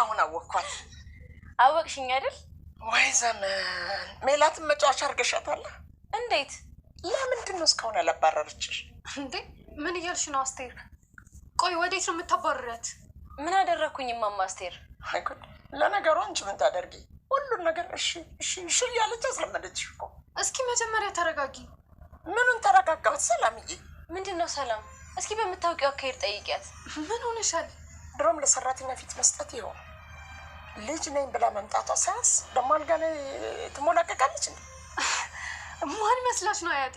አሁን አወቅኳት። አወቅሽኝ አይደል? ወይ ዘመን ሜላትን መጫወቻ አድርገሻታል። እንዴት? ለምንድን ነው እስካሁን ያላባረረችሽ? እንዴ ምን እያልሽ ነው አስቴር? ቆይ ወዴት ነው የምታባርረት? ምን አደረግኩኝ ማማ አስቴር? ለነገሩ አንቺ ምን ታደርጊ? ሁሉን ነገር እሺ እሺ እሺ እያለች አስለመደችሽ እኮ። እስኪ መጀመሪያ ተረጋጊ። ምኑን ተረጋጋት ሰላምዬ ምንድን ነው ሰላም እስኪ በምታውቂው አካሄድ ጠይቂያት። ምን ሆነሻል? ድሮም ለሰራተኛ ፊት መስጠት ይሆን ልጅ ነኝ ብላ መምጣቷ ሳያንስ ደሞ አልጋ ላይ ትሞላቀቃለች። ማን መስላች ነው አያቴ?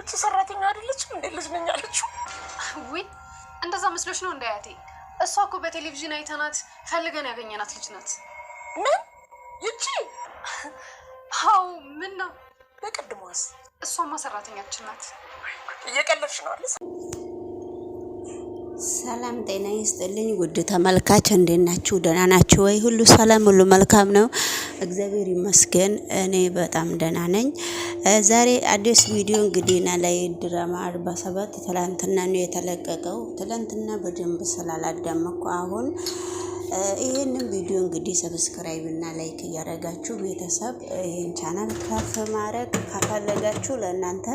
እቺ ሰራተኛ አይደለችም እንዴ ልጅ ነኝ አለችው? ውይ እንደዛ መስሎች ነው እንደ አያቴ። እሷ እኮ በቴሌቪዥን አይተናት ፈልገን ያገኘናት ልጅ ናት። ምን ይቺ? አዎ ምን ነው ለቅድሟስ? እሷማ ሰራተኛችን ናት። እየቀለድሽ ነው ሰላም ጤና ይስጥልኝ ውድ ተመልካች፣ እንዴት ናችሁ? ደህና ናችሁ ወይ? ሁሉ ሰላም፣ ሁሉ መልካም ነው። እግዚአብሔር ይመስገን፣ እኔ በጣም ደህና ነኝ። ዛሬ አዲስ ቪዲዮ እንግዲህ ና ላይ ድራማ አርባ ሰባት ትላንትና ነው የተለቀቀው። ትላንትና በደንብ ስላላዳመኩ አሁን ይህንን ቪዲዮ እንግዲህ ሰብስክራይብ እና ላይክ እያደረጋችሁ ቤተሰብ ይህን ቻናል ከፍ ማድረግ ካፈለጋችሁ ለእናንተ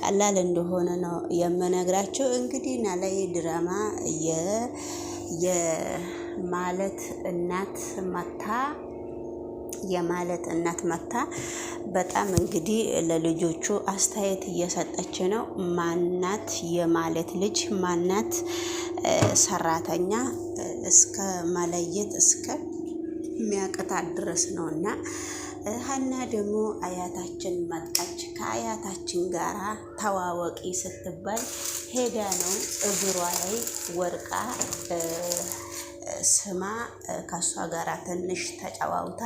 ቀላል እንደሆነ ነው የምነግራችሁ። እንግዲህ ኖላዊ ድራማ የማለት እናት መታ የማለት እናት መታ በጣም እንግዲህ ለልጆቹ አስተያየት እየሰጠች ነው። ማናት የማለት ልጅ ማናት ሰራተኛ እስከ መለየት እስከ የሚያቅታት ድረስ ነው እና ሀና ደግሞ አያታችን መጣች፣ ከአያታችን ጋራ ተዋወቂ ስትባል ሄዳ ነው እግሯ ላይ ወርቃ ስማ ከእሷ ጋራ ትንሽ ተጫዋውታ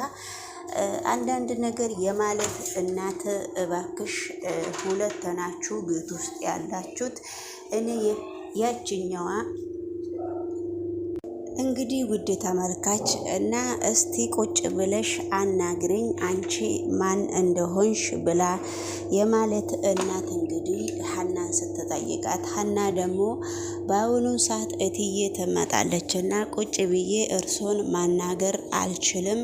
አንዳንድ ነገር የማለት እናት እባክሽ፣ ሁለት ናችሁ ቤት ውስጥ ያላችሁት እኔ ያችኛዋ እንግዲህ ውድ ተመልካች እና እስቲ ቁጭ ብለሽ አናግሪኝ አንቺ ማን እንደሆንሽ ብላ የማለት እናት እንግዲህ ሀናን ስትጠይቃት፣ ሀና ደግሞ በአሁኑ ሰዓት እትዬ ትመጣለች እና ቁጭ ብዬ እርሶን ማናገር አልችልም፣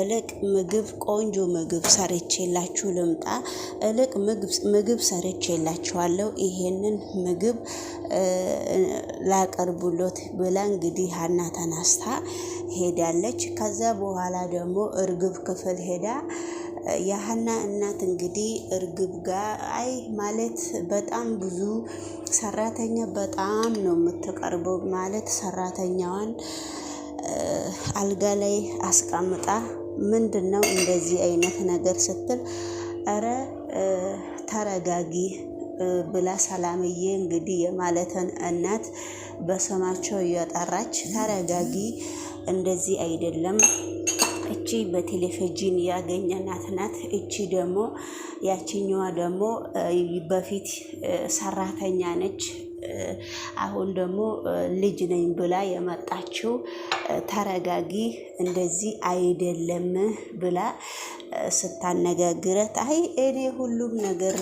እልቅ ምግብ ቆንጆ ምግብ ሰርቼላችሁ ልምጣ፣ እልቅ ምግብ ሰርቼላችኋለሁ፣ ይሄንን ምግብ ላቀርቡሎት ብላ እንግዲህ ሀና ተነስታ ሄዳለች። ከዛ በኋላ ደግሞ እርግብ ክፍል ሄዳ የሀና እናት እንግዲህ እርግብ ጋር አይ ማለት በጣም ብዙ ሰራተኛ በጣም ነው የምትቀርበው ማለት ሰራተኛዋን አልጋ ላይ አስቀምጣ ምንድን ነው እንደዚህ አይነት ነገር ስትል፣ እረ ተረጋጊ ብላ ሰላምዬ እንግዲህ የማለትን እናት በስማቸው እያጠራች ተረጋጊ፣ እንደዚህ አይደለም እቺ በቴሌቪዥን ያገኘናት ናት። እቺ ደግሞ ያችኛዋ ደግሞ በፊት ሰራተኛ ነች። አሁን ደግሞ ልጅ ነኝ ብላ የመጣችው ተረጋጊ፣ እንደዚህ አይደለም ብላ ስታነጋግረት አይ እኔ ሁሉም ነገር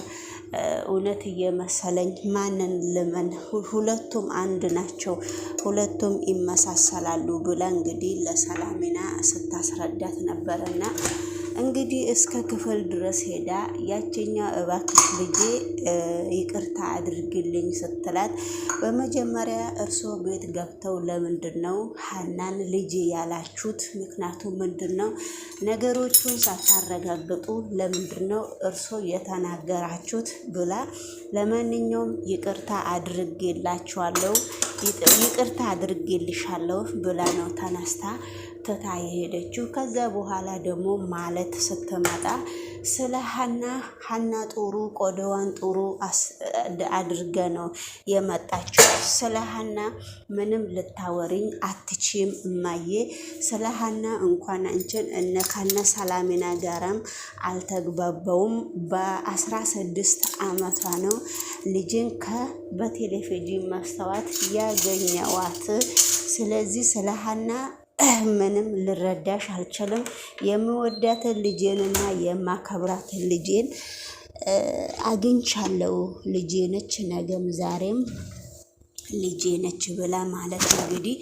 እውነት እየመሰለኝ ማንን ልመን? ሁለቱም አንድ ናቸው፣ ሁለቱም ይመሳሰላሉ ብላ እንግዲህ ለሰላሜና ስታስረዳት ነበረና እንግዲህ እስከ ክፍል ድረስ ሄዳ ያችኛ እባክሽ ልጄ ይቅርታ አድርግልኝ ስትላት፣ በመጀመሪያ እርሶ ቤት ገብተው ለምንድን ነው ሀናን ልጄ ያላችሁት? ምክንያቱ ምንድን ነው? ነገሮቹን ሳታረጋግጡ ለምንድን ነው እርስዎ የተናገራችሁት? ብላ ለማንኛውም ይቅርታ አድርጌላችኋለሁ ይቅርታ አድርጌልሻለሁ ብላ ነው ተነስታ ትታ የሄደችው። ከዛ በኋላ ደግሞ ማለት ስትመጣ ስለ ሀና ሀና ጥሩ ቆዳዋን ጥሩ አድርገ ነው የመጣችው። ስለ ሀና ምንም ልታወሪኝ አትችም እማዬ። ስለ ሀና እንኳን አንቺን እነ ከነ ጋራም አልተግባባውም። በአስራ ስድስት አመቷ ነው ልጅን ከበቴሌቪዥን ማስተዋት ያ ያገኘዋት። ስለዚህ ስለ ሀና ምንም ልረዳሽ አልችልም። የምወዳትን ልጄንና የማከብራትን ልጄን አግኝቻለሁ። ልጄ ነች፣ ነገም ዛሬም ልጄ ነች ብላ ማለት እንግዲህ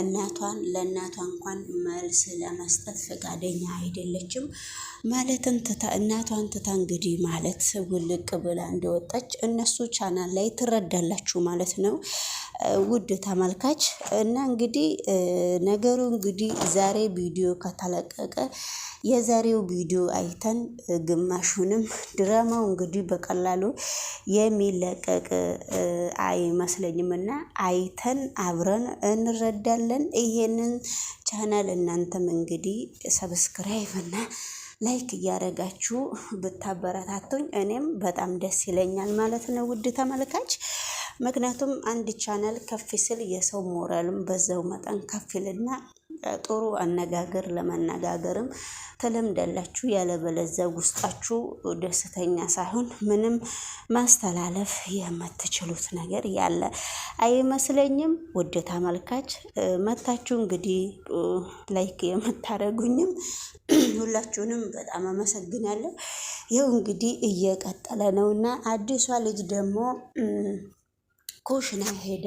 እናቷን ለእናቷ እንኳን መልስ ለመስጠት ፈቃደኛ አይደለችም። ማለትን ትታ እናቷን ትታ እንግዲህ ማለት ውልቅ ብላ እንደወጣች እነሱ ቻናል ላይ ትረዳላችሁ ማለት ነው። ውድ ተመልካች እና እንግዲህ ነገሩ እንግዲህ ዛሬ ቪዲዮ ከተለቀቀ የዛሬው ቪዲዮ አይተን ግማሹንም ድራማው እንግዲህ በቀላሉ የሚለቀቅ አይመስለኝም እና አይተን አብረን እንረዳለን። ይሄንን ቻናል እናንተም እንግዲህ ሰብስክራይብ እና ላይክ እያደረጋችሁ ብታበረታቱኝ እኔም በጣም ደስ ይለኛል ማለት ነው ውድ ተመልካች። ምክንያቱም አንድ ቻናል ከፍ ሲል የሰው ሞራልም በዛው መጠን ከፍ ይልና ጥሩ አነጋገር ለመነጋገርም ተለምዳላችሁ። ያለበለዚያ ውስጣችሁ ደስተኛ ሳይሆን ምንም ማስተላለፍ የምትችሉት ነገር ያለ አይመስለኝም። ውድ ተመልካች መታችሁ እንግዲህ ላይክ የምታደርጉኝም ሁላችሁንም በጣም አመሰግናለሁ። ይኸው እንግዲህ እየቀጠለ ነው እና አዲሷ ልጅ ደግሞ ኩሽና ሄዳ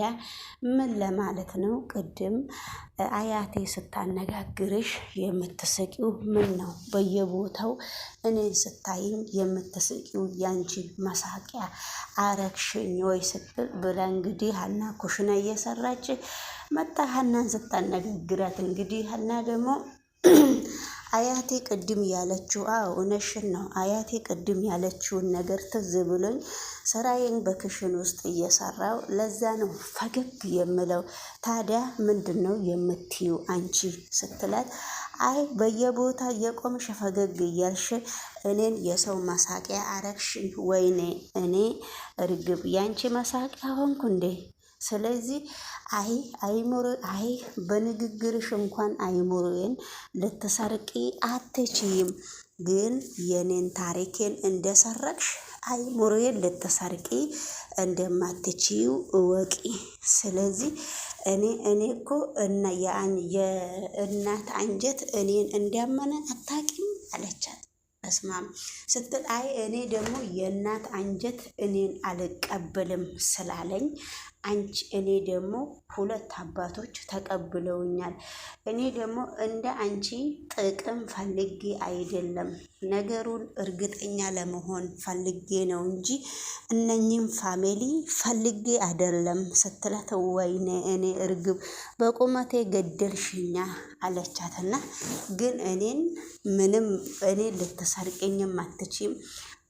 ምን ለማለት ነው? ቅድም አያቴ ስታነጋግርሽ የምትስቂው ምን ነው? በየቦታው እኔን ስታይኝ የምትስቂው ያንቺ መሳቂያ አረግሽኝ ወይ ስትል ብላ እንግዲህ ሀና ኩሽና እየሰራች መጣ። ሀናን ስታነጋግራት እንግዲህ ሀና ደግሞ አያቴ ቅድም ያለችው አዎ እውነሽን ነው። አያቴ ቅድም ያለችውን ነገር ትዝ ብሎኝ ስራዬን በክሽን ውስጥ እየሰራው ለዛ ነው ፈገግ የምለው። ታዲያ ምንድን ነው የምትዩ አንቺ ስትላት፣ አይ በየቦታ እየቆምሽ ፈገግ እያልሽ እኔን የሰው መሳቂያ አረግሽኝ። ወይኔ እኔ እርግብ ያንቺ መሳቂያ ሆንኩ እንዴ? ስለዚህ አይ አይምሮ አይ በንግግርሽ እንኳን አይምሮዬን ልትሰርቂ አትችይም፣ ግን የኔን ታሪኬን እንደሰረቅሽ አይምሮዬን ልትሰርቂ እንደማትችዩ እወቂ። ስለዚህ እኔ እኔ እኮ የእናት አንጀት እኔን እንዲያመነ አታቂም አለቻት። በስማም ስትል አይ እኔ ደግሞ የእናት አንጀት እኔን አልቀበልም ስላለኝ አንቺ እኔ ደግሞ ሁለት አባቶች ተቀብለውኛል። እኔ ደግሞ እንደ አንቺ ጥቅም ፈልጌ አይደለም፣ ነገሩን እርግጠኛ ለመሆን ፈልጌ ነው እንጂ እነኝም ፋሚሊ ፈልጌ አይደለም ስትላት፣ ወይኔ እኔ እርግብ በቁመቴ ገደልሽኛ አለቻትና፣ ግን እኔን ምንም እኔ ልትሰርቅኝም አትችም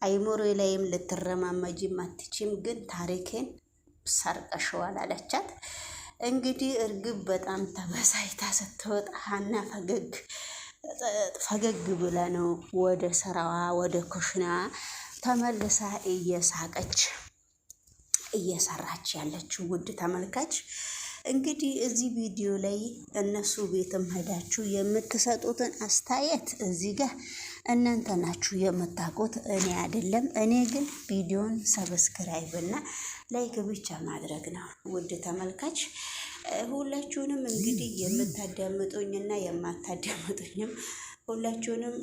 አይሞሮ ላይም ልትረማመጅም አትችም ግን ታሪኬን ሰርቀሽዋል አለቻት። እንግዲህ እርግብ በጣም ተበሳይታ ስትወጣ ሀና ፈገግ ፈገግ ብላ ነው ወደ ስራዋ ወደ ኩሽና ተመልሳ እየሳቀች እየሰራች ያለችው። ውድ ተመልካች እንግዲህ እዚህ ቪዲዮ ላይ እነሱ ቤትም ሄዳችሁ የምትሰጡትን አስተያየት እዚህ ጋር እናንተ ናችሁ የምታውቁት፣ እኔ አይደለም። እኔ ግን ቪዲዮን ሰብስክራይብ እና ላይክ ብቻ ማድረግ ነው። ውድ ተመልካች ሁላችሁንም እንግዲህ የምታዳምጡኝና የማታዳምጡኝም ሁላችሁንም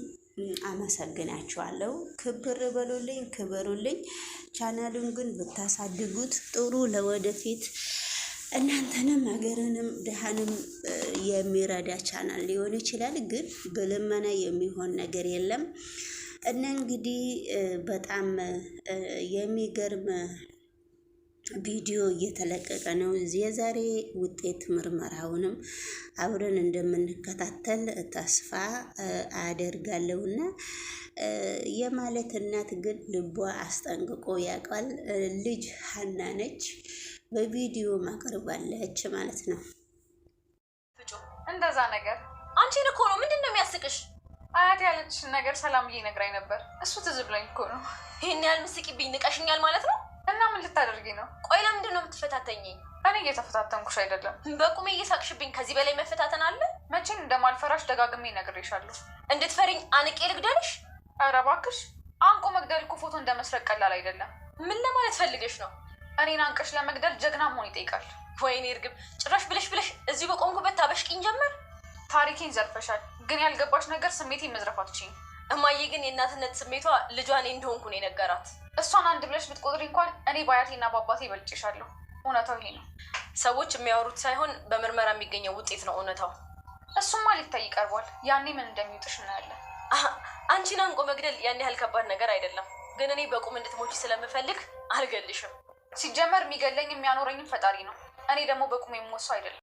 አመሰግናችኋለሁ። ክብር በሉልኝ፣ ክበሩልኝ። ቻናሉን ግን ብታሳድጉት ጥሩ ለወደፊት እናንተንም ሀገርንም ድሃንም የሚረዳ ቻናል ሊሆን ይችላል። ግን በልመና የሚሆን ነገር የለም እና እንግዲህ በጣም የሚገርም ቪዲዮ እየተለቀቀ ነው። የዛሬ ውጤት ምርመራውንም አብረን እንደምንከታተል ተስፋ አደርጋለሁና የማለት እናት ግን ልቧ አስጠንቅቆ ያውቃል። ልጅ ሀና ነች። በቪዲዮ ማቀርባለች ማለት ነው። እንደዛ ነገር አንቺን እኮ ነው። ምንድን ነው የሚያስቅሽ? አያት ያለችሽን ነገር ሰላምዬ ነግራኝ ነበር። እሱ ትዝ ብሎኝ እኮ ነው። ይህን ያህል ምስቂብኝ ንቀሽኛል ማለት ነው። እና ምን ልታደርጊ ነው? ቆይ ለምንድን ነው የምትፈታተኝ? እኔ እየተፈታተንኩሽ አይደለም፣ በቁሜ እየሳቅሽብኝ። ከዚህ በላይ መፈታተን አለ? መቼም እንደማልፈራሽ ደጋግሜ ነግሬሻለሁ። እንድትፈሪኝ አንቄ ልግደልሽ? ኧረ እባክሽ። አንቆ መግደል እኮ ፎቶ እንደመስረቅ ቀላል አይደለም። ምን ለማለት ፈልገሽ ነው? እኔን አንቀሽ ለመግደል ጀግና መሆን ይጠይቃል። ወይኔ እርግብ፣ ጭራሽ ብለሽ ብለሽ እዚሁ በቆምኩበት ታበሽቂኝ ጀመር። ታሪኬን ዘርፈሻል፣ ግን ያልገባሽ ነገር ስሜቴን መዝረፍ አትችይም። እማዬ ግን የእናትነት ስሜቷ ልጇ እኔ እንደሆንኩ ነው የነገራት። እሷን አንድ ብለሽ ብትቆጥሪ እንኳን እኔ በአያቴና በአባቴ ይበልጭሻለሁ። እውነታው ይሄ ነው። ሰዎች የሚያወሩት ሳይሆን በምርመራ የሚገኘው ውጤት ነው እውነታው። እሱማ ሊታይ ይቀርቧል። ያኔ ምን እንደሚውጥሽ እናያለን። አንቺን አንቆ መግደል ያን ያህል ከባድ ነገር አይደለም፣ ግን እኔ በቁም እንድትሞች ስለምፈልግ አልገልሽም። ሲጀመር የሚገለኝ የሚያኖረኝም ፈጣሪ ነው። እኔ ደግሞ በቁም የምወሰው አይደለም።